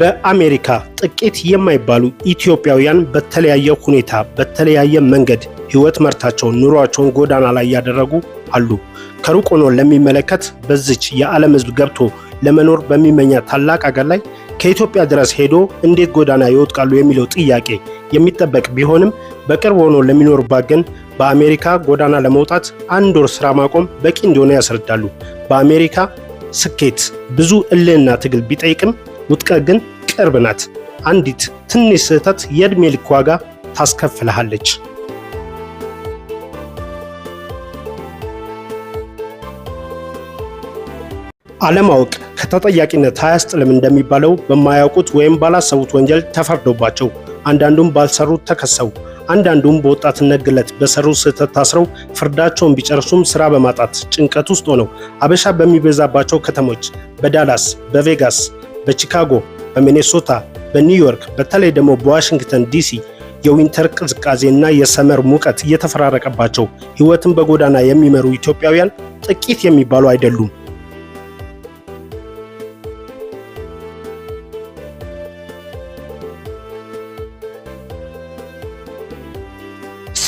በአሜሪካ ጥቂት የማይባሉ ኢትዮጵያውያን በተለያየ ሁኔታ በተለያየ መንገድ ህይወት መርታቸውን ኑሯቸውን ጎዳና ላይ ያደረጉ አሉ። ከሩቅ ሆኖ ለሚመለከት በዚች የዓለም ህዝብ ገብቶ ለመኖር በሚመኛ ታላቅ አገር ላይ ከኢትዮጵያ ድረስ ሄዶ እንዴት ጎዳና ይወጥቃሉ የሚለው ጥያቄ የሚጠበቅ ቢሆንም በቅርብ ሆኖ ለሚኖርባት ግን በአሜሪካ ጎዳና ለመውጣት አንድ ወር ስራ ማቆም በቂ እንደሆነ ያስረዳሉ። በአሜሪካ ስኬት ብዙ እልህና ትግል ቢጠይቅም ውጥቀት ግን ቅርብ ናት። አንዲት ትንሽ ስህተት የዕድሜ ልክ ዋጋ ታስከፍልሃለች። አለማወቅ ከተጠያቂነት አያስጥልም እንደሚባለው በማያውቁት ወይም ባላሰቡት ወንጀል ተፈርዶባቸው፣ አንዳንዱም ባልሰሩት ተከሰው፣ አንዳንዱም በወጣትነት ግለት በሰሩ ስህተት ታስረው ፍርዳቸውን ቢጨርሱም ስራ በማጣት ጭንቀት ውስጥ ሆነው አበሻ በሚበዛባቸው ከተሞች በዳላስ፣ በቬጋስ በቺካጎ፣ በሚኔሶታ፣ በኒውዮርክ በተለይ ደግሞ በዋሽንግተን ዲሲ የዊንተር ቅዝቃዜና የሰመር ሙቀት እየተፈራረቀባቸው ሕይወትን በጎዳና የሚመሩ ኢትዮጵያውያን ጥቂት የሚባሉ አይደሉም።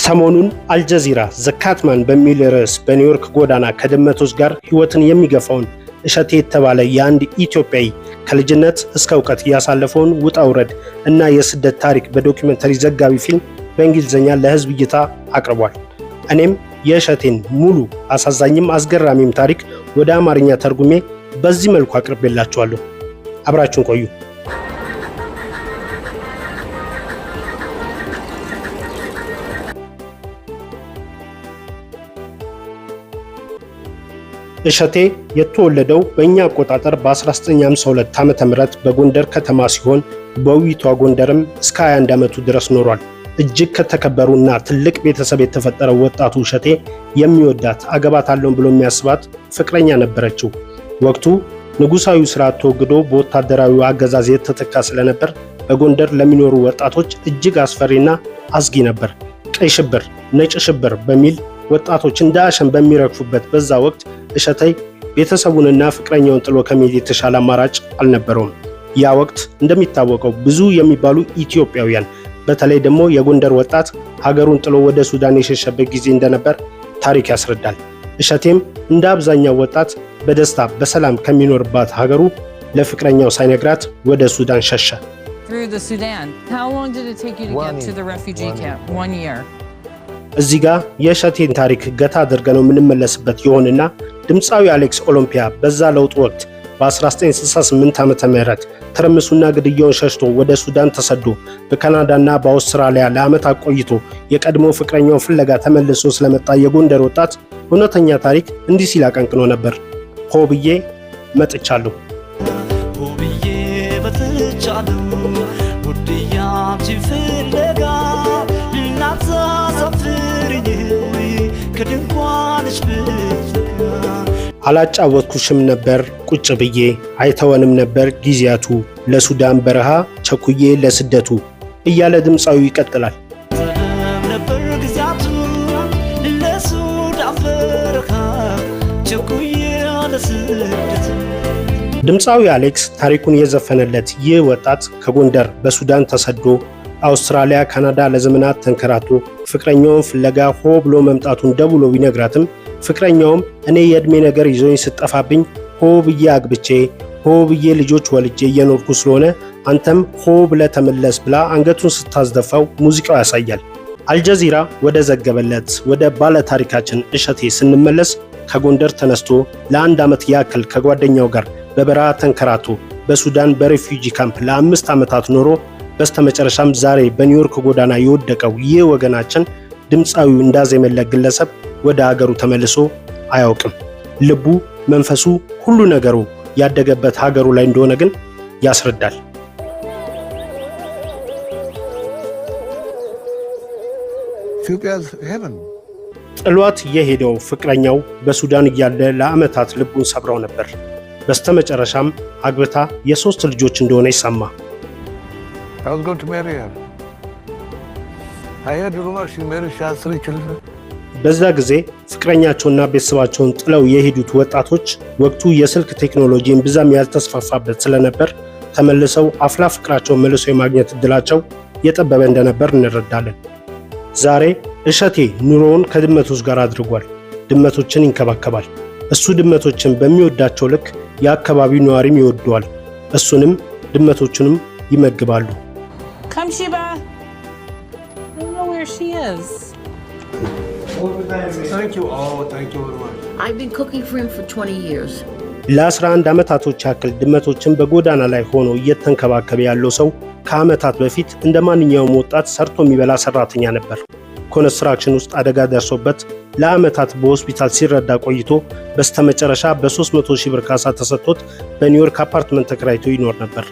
ሰሞኑን አልጀዚራ ዘካትማን በሚል ርዕስ በኒውዮርክ ጎዳና ከድመቶች ጋር ሕይወትን የሚገፋውን እሸቴ የተባለ የአንድ ኢትዮጵያዊ ከልጅነት እስከ እውቀት ያሳለፈውን ውጣ ውረድ እና የስደት ታሪክ በዶኪመንተሪ ዘጋቢ ፊልም በእንግሊዝኛ ለህዝብ እይታ አቅርቧል። እኔም የእሸቴን ሙሉ አሳዛኝም አስገራሚም ታሪክ ወደ አማርኛ ተርጉሜ በዚህ መልኩ አቅርቤላችኋለሁ። አብራችሁን ቆዩ። እሸቴ የተወለደው በእኛ አቆጣጠር በ1952 ዓ.ም በጎንደር ከተማ ሲሆን በውይቷ ጎንደርም እስከ 21 ዓመቱ ድረስ ኖሯል። እጅግ ከተከበሩና ትልቅ ቤተሰብ የተፈጠረው ወጣቱ እሸቴ የሚወዳት አገባታለሁ ብሎ የሚያስባት ፍቅረኛ ነበረችው። ወቅቱ ንጉሳዊ ስርዓት ተወግዶ በወታደራዊ አገዛዝ የተተካ ስለነበር በጎንደር ለሚኖሩ ወጣቶች እጅግ አስፈሪና አስጊ ነበር። ቀይ ሽብር፣ ነጭ ሽብር በሚል ወጣቶች እንደ አሸን በሚረግፉበት በዛ ወቅት እሸቴ ቤተሰቡንና ፍቅረኛውን ጥሎ ከመሄድ የተሻለ አማራጭ አልነበረውም። ያ ወቅት እንደሚታወቀው ብዙ የሚባሉ ኢትዮጵያውያን በተለይ ደግሞ የጎንደር ወጣት ሀገሩን ጥሎ ወደ ሱዳን የሸሸበት ጊዜ እንደነበር ታሪክ ያስረዳል። እሸቴም እንደ አብዛኛው ወጣት በደስታ በሰላም ከሚኖርባት ሀገሩ ለፍቅረኛው ሳይነግራት ወደ ሱዳን ሸሸ። እዚህ ጋር የእሸቴን ታሪክ ገታ አድርገ ነው የምንመለስበት ይሆንና ድምፃዊ አሌክስ ኦሎምፒያ በዛ ለውጥ ወቅት በ1968 ዓ.ም ትርምሱና ግድያውን ሸሽቶ ወደ ሱዳን ተሰዶ በካናዳና በአውስትራሊያ ለዓመታት ቆይቶ የቀድሞ ፍቅረኛውን ፍለጋ ተመልሶ ስለመጣ የጎንደር ወጣት እውነተኛ ታሪክ እንዲህ ሲል አቀንቅኖ ነበር። ሆ ብዬ መጥቻለሁ፣ ሆ ብዬ መጥቻለሁ፣ ውድያችን አላጫወትኩሽም ነበር ቁጭ ብዬ አይተወንም ነበር ጊዜያቱ ለሱዳን በረሃ ቸኩዬ ለስደቱ እያለ ድምፃዊ ይቀጥላል። ድምፃዊ አሌክስ ታሪኩን የዘፈነለት ይህ ወጣት ከጎንደር በሱዳን ተሰዶ አውስትራሊያ፣ ካናዳ ለዘመናት ተንከራቶ ፍቅረኛውን ፍለጋ ሆ ብሎ መምጣቱን ደውሎ ቢነግራትም ፍቅረኛውም እኔ የእድሜ ነገር ይዞኝ ስጠፋብኝ ሆ ብዬ አግብቼ ሆ ብዬ ልጆች ወልጄ እየኖርኩ ስለሆነ አንተም ሆ ብለ ተመለስ ብላ አንገቱን ስታስደፋው ሙዚቃው ያሳያል። አልጀዚራ ወደ ዘገበለት ወደ ባለታሪካችን እሸቴ ስንመለስ ከጎንደር ተነስቶ ለአንድ ዓመት ያክል ከጓደኛው ጋር በበረሃ ተንከራቶ በሱዳን በሬፊውጂ ካምፕ ለአምስት ዓመታት ኖሮ በስተመጨረሻም ዛሬ በኒውዮርክ ጎዳና የወደቀው ይህ ወገናችን ድምፃዊው እንዳዜመለት ግለሰብ ወደ አገሩ ተመልሶ አያውቅም። ልቡ፣ መንፈሱ፣ ሁሉ ነገሩ ያደገበት ሀገሩ ላይ እንደሆነ ግን ያስረዳል። ጥሏት የሄደው ፍቅረኛው በሱዳን እያለ ለዓመታት ልቡን ሰብረው ነበር። በስተመጨረሻም አግብታ የሦስት ልጆች እንደሆነ ይሰማ። በዛ ጊዜ ፍቅረኛቸውና ቤተሰባቸውን ጥለው የሄዱት ወጣቶች ወቅቱ የስልክ ቴክኖሎጂን ብዛም ያልተስፋፋበት ስለነበር ተመልሰው አፍላ ፍቅራቸውን መልሶ የማግኘት እድላቸው የጠበበ እንደነበር እንረዳለን። ዛሬ እሸቴ ኑሮውን ከድመቶች ጋር አድርጓል። ድመቶችን ይንከባከባል። እሱ ድመቶችን በሚወዳቸው ልክ የአካባቢው ነዋሪም ይወደዋል። እሱንም ድመቶቹንም ይመግባሉ። ለ11 ዓመታቶች ያክል ድመቶችን በጎዳና ላይ ሆኖ እየተንከባከበ ያለው ሰው ከዓመታት በፊት እንደ ማንኛውም ወጣት ሰርቶ የሚበላ ሰራተኛ ነበር። ኮንስትራክሽን ውስጥ አደጋ ደርሶበት ለዓመታት በሆስፒታል ሲረዳ ቆይቶ በስተመጨረሻ በ300 ሺህ ብር ካሳ ተሰጥቶት በኒውዮርክ አፓርትመንት ተከራይቶ ይኖር ነበር።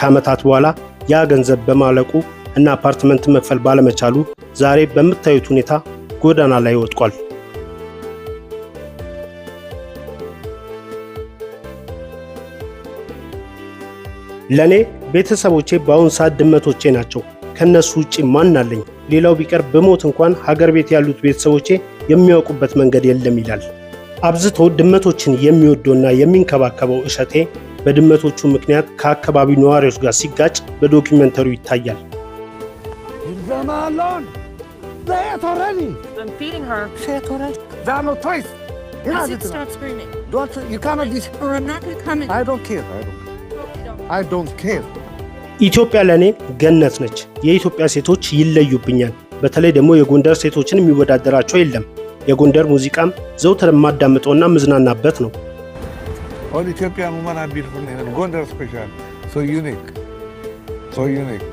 ከዓመታት በኋላ ያ ገንዘብ በማለቁ እና አፓርትመንት መክፈል ባለመቻሉ ዛሬ በምታዩት ሁኔታ ጎዳና ላይ ወጥቋል። ለእኔ ቤተሰቦቼ በአሁን ሰዓት ድመቶቼ ናቸው። ከነሱ ውጪ ማን አለኝ? ሌላው ቢቀር በሞት እንኳን ሀገር ቤት ያሉት ቤተሰቦቼ የሚያውቁበት መንገድ የለም ይላል። አብዝቶ ድመቶችን የሚወደውና የሚንከባከበው እሸቴ በድመቶቹ ምክንያት ከአካባቢው ነዋሪዎች ጋር ሲጋጭ በዶኪመንተሪው ይታያል። bad already. I'm feeding her. Say it already. There are no toys. You I said stop screaming. Don't you come and this. Or I'm not gonna come and. I don't care. I don't. I don't care. ኢትዮጵያ ለእኔ ገነት ነች። የኢትዮጵያ ሴቶች ይለዩብኛል። በተለይ ደግሞ የጎንደር ሴቶችን የሚወዳደራቸው የለም። የጎንደር ሙዚቃም ዘውትር የማዳምጠውና የምዝናናበት ነው። All Ethiopian women are beautiful and Gondar special. So unique. So unique.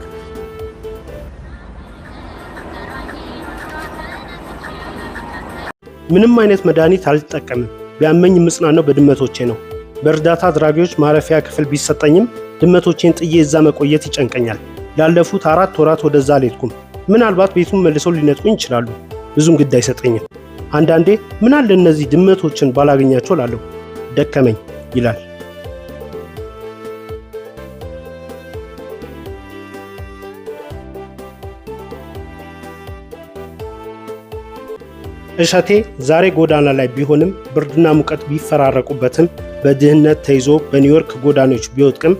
ምንም አይነት መድኃኒት አልጠቀምም። ቢያመኝ የምጽናነው በድመቶቼ ነው። በእርዳታ አድራጊዎች ማረፊያ ክፍል ቢሰጠኝም ድመቶቼን ጥዬ እዛ መቆየት ይጨንቀኛል። ላለፉት አራት ወራት ወደዛ አልሄድኩም። ምናልባት ቤቱን መልሰው ሊነጥቁኝ ይችላሉ። ብዙም ግድ አይሰጠኝም። አንዳንዴ ምናለ እነዚህ ድመቶችን ባላገኛቸው ላለሁ ደከመኝ ይላል። እሸቴ ዛሬ ጎዳና ላይ ቢሆንም ብርድና ሙቀት ቢፈራረቁበትም በድህነት ተይዞ በኒውዮርክ ጎዳኖች ቢወድቅም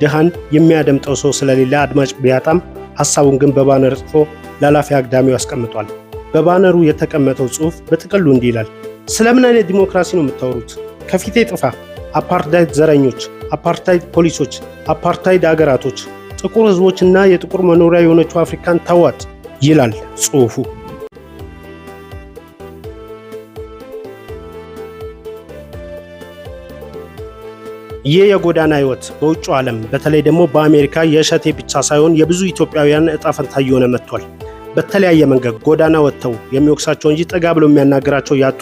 ድሃን የሚያደምጠው ሰው ስለሌለ አድማጭ ቢያጣም ሐሳቡን ግን በባነር ጽፎ ላላፊ አግዳሚው አስቀምጧል። በባነሩ የተቀመጠው ጽሑፍ በጥቅሉ እንዲህ ይላል። ስለምን አይነት ዲሞክራሲ ነው የምታወሩት? ከፊቴ ጥፋ! አፓርታይድ ዘረኞች፣ አፓርታይድ ፖሊሶች፣ አፓርታይድ አገራቶች ጥቁር ህዝቦችና የጥቁር መኖሪያ የሆነችው አፍሪካን ተዋጥ ይላል ጽሑፉ። ይህ የጎዳና ህይወት በውጭ ዓለም በተለይ ደግሞ በአሜሪካ የእሸቴ ብቻ ሳይሆን የብዙ ኢትዮጵያውያን እጣ ፈንታ እየሆነ መጥቷል። በተለያየ መንገድ ጎዳና ወጥተው የሚወቅሳቸው እንጂ ጠጋ ብሎ የሚያናግራቸው ያጡ፣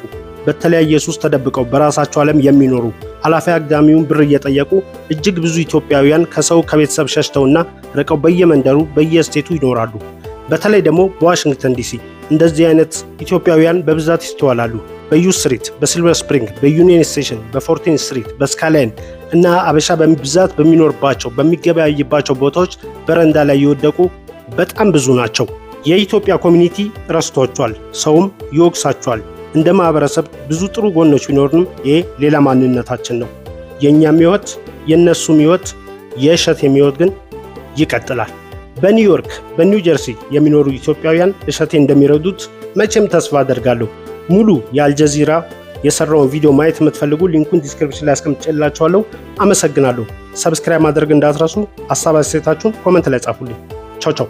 በተለያየ ሱስ ተደብቀው በራሳቸው ዓለም የሚኖሩ ኃላፊ አግዳሚውን ብር እየጠየቁ እጅግ ብዙ ኢትዮጵያውያን ከሰው ከቤተሰብ ሸሽተውና ርቀው በየመንደሩ በየስቴቱ ይኖራሉ። በተለይ ደግሞ በዋሽንግተን ዲሲ እንደዚህ አይነት ኢትዮጵያውያን በብዛት ይስተዋላሉ። በዩ ስትሪት፣ በሲልቨር ስፕሪንግ፣ በዩኒየን ስቴሽን፣ በፎርቲን ስትሪት፣ በስካላይን እና አበሻ በብዛት በሚኖርባቸው በሚገበያይባቸው ቦታዎች በረንዳ ላይ የወደቁ በጣም ብዙ ናቸው። የኢትዮጵያ ኮሚኒቲ ረስቷቸዋል፣ ሰውም ይወቅሳቸዋል። እንደ ማህበረሰብ ብዙ ጥሩ ጎኖች ቢኖርንም ይሄ ሌላ ማንነታችን ነው። የእኛም ይወት የእነሱም ይወት የእሸት ሕይወት ግን ይቀጥላል። በኒውዮርክ በኒው ጀርሲ የሚኖሩ ኢትዮጵያውያን እሸቴ እንደሚረዱት መቼም ተስፋ አደርጋለሁ። ሙሉ የአልጀዚራ የሰራውን ቪዲዮ ማየት የምትፈልጉ ሊንኩን ዲስክሪፕሽን ላይ አስቀምጬላችኋለሁ። አመሰግናለሁ። ሰብስክራይብ ማድረግ እንዳትረሱ። ሀሳብ አስተያየታችሁን ኮመንት ላይ ጻፉልኝ። ቻው ቻው።